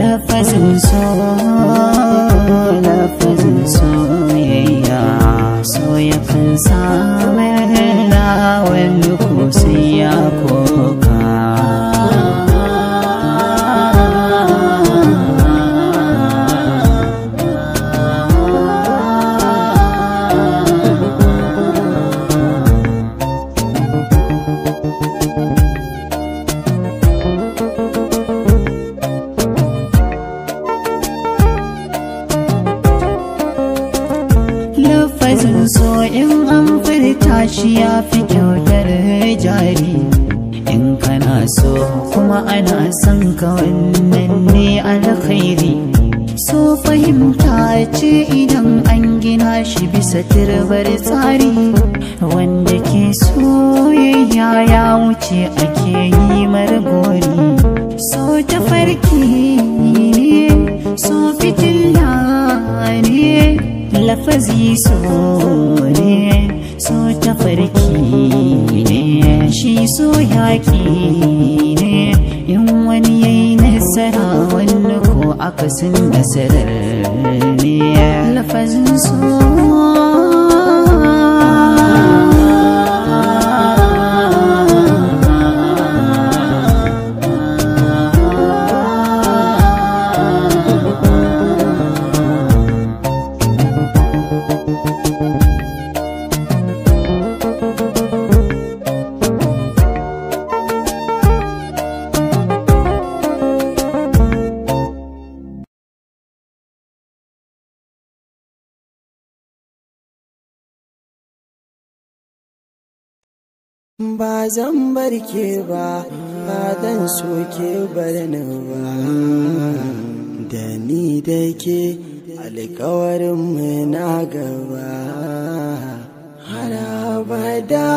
lafazin so lafazin soyayya so ya kan samar da wani ko ya tsari in kana so kuma ana san ka wannan ne alkhairi so fahimta ce idan an gina shi bisa turbar tsari wanda ke soyayya ya wuce ake yi margori so tafarki ne so fitila ne lafazi so ne so tafarki ne shi so yaƙi ne in wani yayi nasara wani ko akasin nasarar ne lafazin so ba zan bar ke ba ba zan soke barni ba da ni da ke alkawarin mai na gaba har abada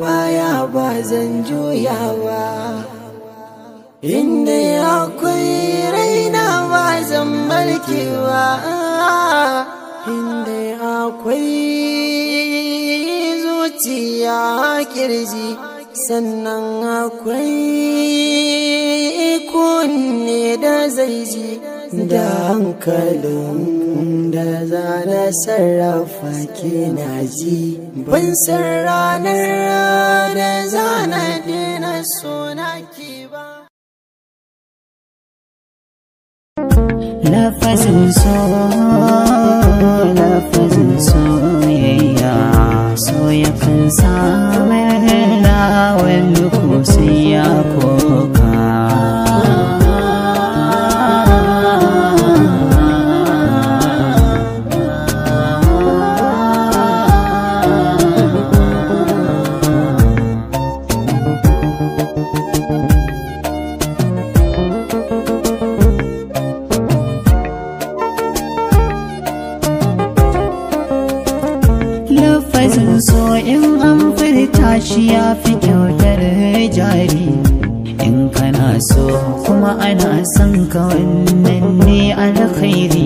baya ba zan juya ba inda akwai raina ba zan barke ba inda akwai zuciya ya kirji sannan akwai kunne da zaiji da hankalin da na sarrafa na ji ban san ranar da na dina suna ki ba lafazin so lafazin so yakan samar da wani ko sai ya shi ya fi kyautar jari in kana so kuma ana son ka wannan ne alkhairi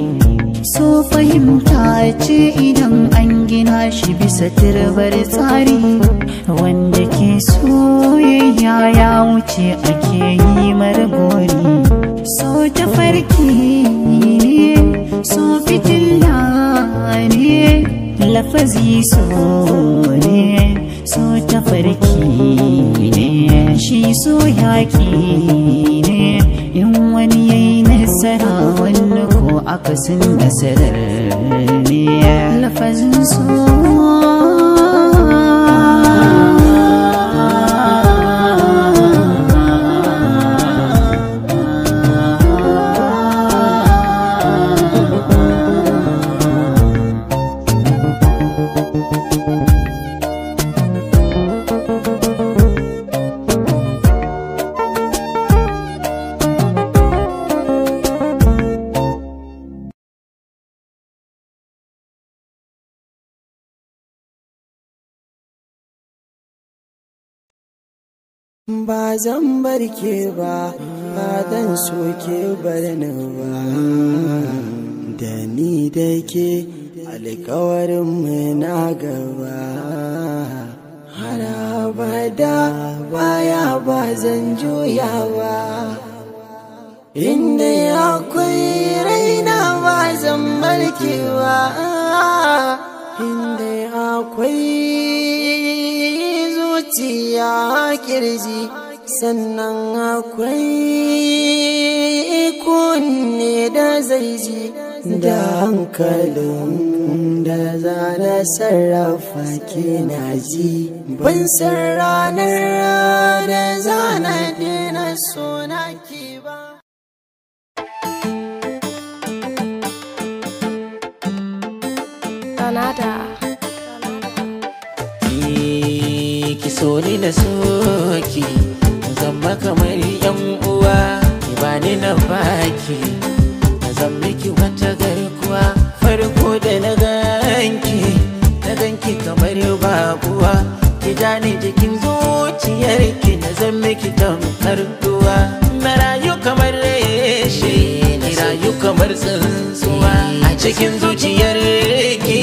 so fahimta ce idan an gina shi bisa turbar tsari wanda ke soyayya ya wuce ake yi margori so tafarki ne so fitilla ne lafazi so ne so tafarki ne shi so yaƙi ne in wani yayi nasara wani ko akasin nasarar ne lafazin so zan barke ba ba dan soke ni ba da ni da ke alkawarin mai na gaba har abada baya ba zan juya ba inda akwai raina ba zan barke ba inda akwai zuciya kirji sannan akwai kunne da zai ji da hankalin da na sarrafa ke na ji ban san ranar da na dina suna ke ba Canada. Ki so ni na soki. zama kamar yan uwa ba ni na baki na ki wata garkuwa farko da na ganki na ganki kamar babuwa ki ja ni jikin zuciyarki na ki tamkar duwa. na rayu kamar reshe ni rayu kamar tsuntsuwa a cikin zuciyarki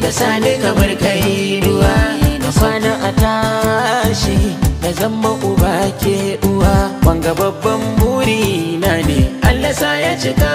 da sani kamar kai ruwa na kwana a tashi na zama uba ke uwa wanga babban buri ne Allah sa ya cika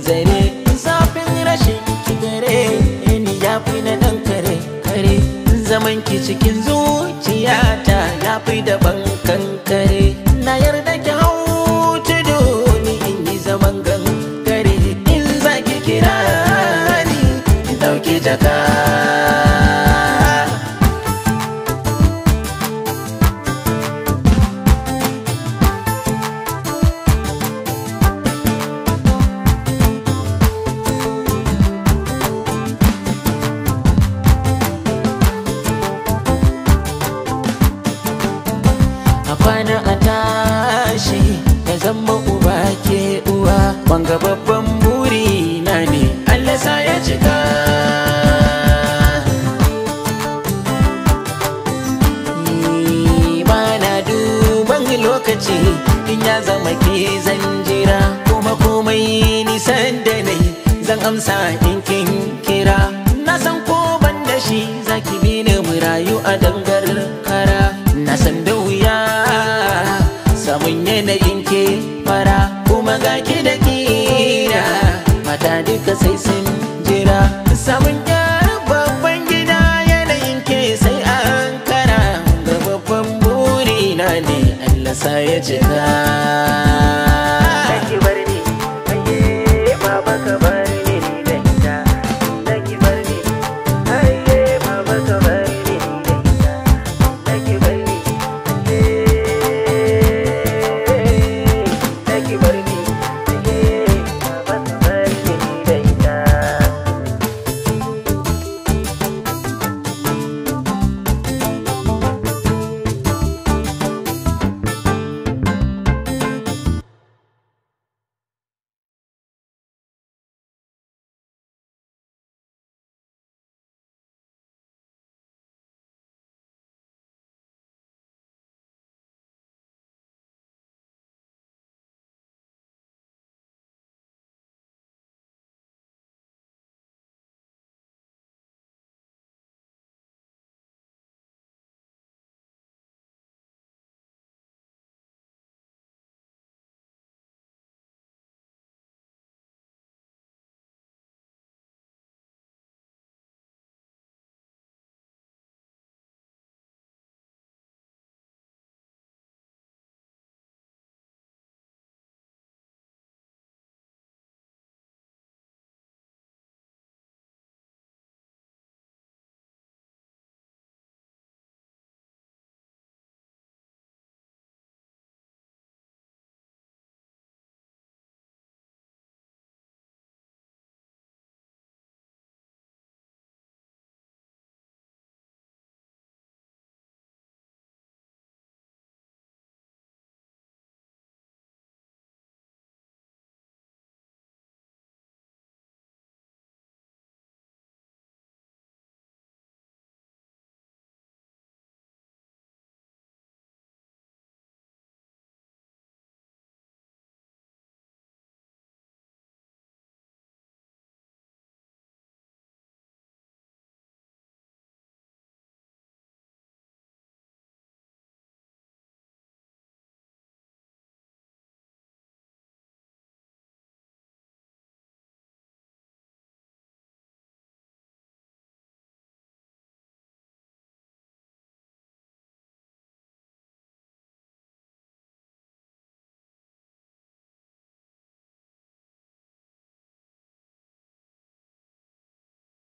zane zafin rashin ki gare ya fi na dan kare kare zaman ki cikin zuciyata ya fi daban kankare na yarda banga babban buri na ne Allah ya cika ba na duban lokaci in ya zama ke zan jira kuma komai nisan da ne zan amsa in kin kira na san ko ban da shi zaki bi ni mu rayu a dangar kara na san da wuya samun yanayin ke ka sai sun jira samun yar babban gida yanayin ke sai an kara ga babban buri na ne Allah sa ya jira